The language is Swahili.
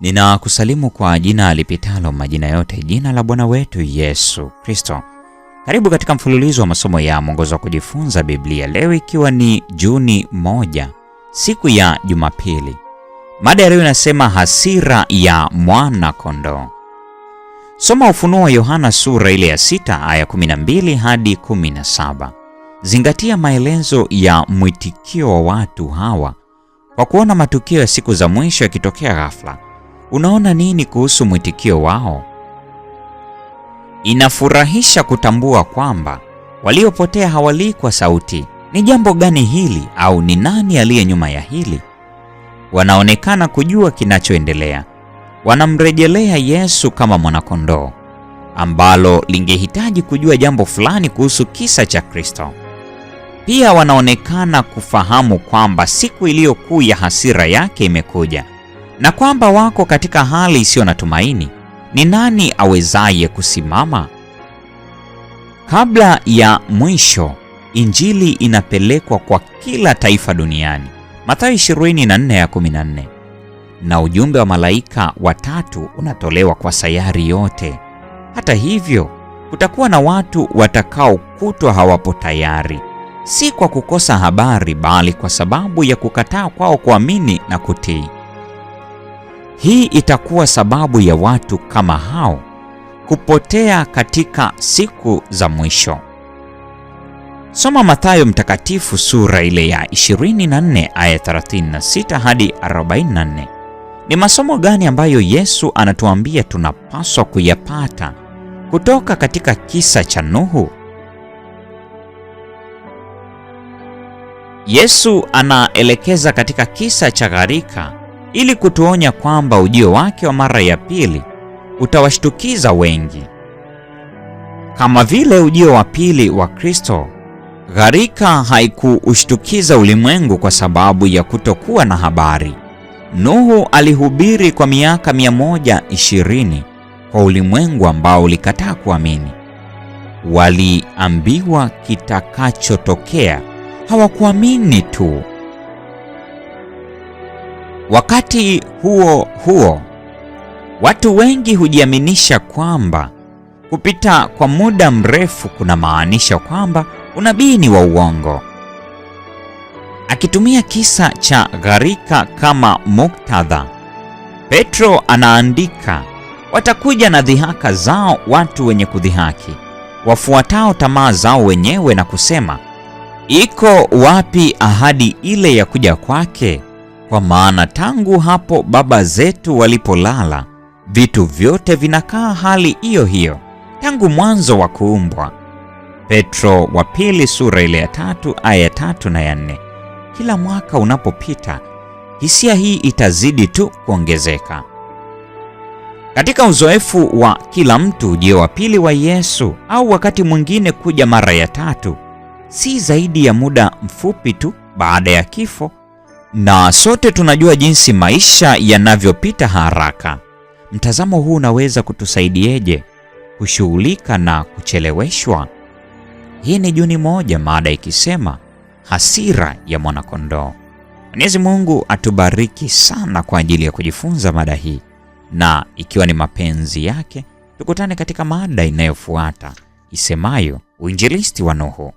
Ninakusalimu kwa jina alipitalo majina yote, jina la Bwana wetu Yesu Kristo. Karibu katika mfululizo wa masomo ya mwongozo wa kujifunza Biblia, leo ikiwa ni Juni moja, siku ya Jumapili. Mada ya leo inasema hasira ya mwana kondoo. Soma Ufunuo wa Yohana sura ile ya sita aya 12 hadi 17. Zingatia maelezo ya mwitikio wa watu hawa kwa kuona matukio ya siku za mwisho yakitokea ghafla Unaona nini kuhusu mwitikio wao? Inafurahisha kutambua kwamba waliopotea hawalii kwa sauti, ni jambo gani hili au ni nani aliye nyuma ya hili? Wanaonekana kujua kinachoendelea. Wanamrejelea Yesu kama mwanakondoo, ambalo lingehitaji kujua jambo fulani kuhusu kisa cha Kristo. Pia wanaonekana kufahamu kwamba siku iliyo kuu ya hasira yake imekuja na kwamba wako katika hali isiyo na tumaini, ni nani awezaye kusimama? Kabla ya mwisho, injili inapelekwa kwa kila taifa duniani, Mathayo 24:14. Na ujumbe wa malaika watatu unatolewa kwa sayari yote. Hata hivyo, kutakuwa na watu watakaokutwa hawapo tayari, si kwa kukosa habari, bali kwa sababu ya kukataa kwao kuamini na kutii. Hii itakuwa sababu ya watu kama hao kupotea katika siku za mwisho. Soma Mathayo Mtakatifu sura ile ya 24 aya 36 hadi 44. Ni masomo gani ambayo Yesu anatuambia tunapaswa kuyapata kutoka katika kisa cha Nuhu? Yesu anaelekeza katika kisa cha gharika ili kutuonya kwamba ujio wake wa mara ya pili utawashtukiza wengi. Kama vile ujio wa pili wa Kristo, gharika haikuushtukiza ulimwengu kwa sababu ya kutokuwa na habari. Nuhu alihubiri kwa miaka 120 kwa ulimwengu ambao ulikataa kuamini. Waliambiwa kitakachotokea, hawakuamini tu. Wakati huo huo, watu wengi hujiaminisha kwamba kupita kwa muda mrefu kunamaanisha kwamba unabii ni wa uongo. Akitumia kisa cha gharika kama muktadha, Petro anaandika, watakuja na dhihaka zao watu wenye kudhihaki, wafuatao tamaa zao wenyewe na kusema, iko wapi ahadi ile ya kuja kwake? kwa maana tangu hapo baba zetu walipolala, vitu vyote vinakaa hali hiyo hiyo tangu mwanzo wa kuumbwa. Petro wa pili sura ile ya tatu aya ya tatu na ya nne. Kila mwaka unapopita, hisia hii itazidi tu kuongezeka. Katika uzoefu wa kila mtu, ujio wa pili wa Yesu au wakati mwingine kuja mara ya tatu, si zaidi ya muda mfupi tu baada ya kifo na sote tunajua jinsi maisha yanavyopita haraka. Mtazamo huu unaweza kutusaidieje kushughulika na kucheleweshwa? Hii ni Juni moja, mada ikisema hasira ya mwanakondoo. Mwenyezi Mungu atubariki sana kwa ajili ya kujifunza mada hii, na ikiwa ni mapenzi yake tukutane katika mada inayofuata isemayo uinjilisti wa Nuhu.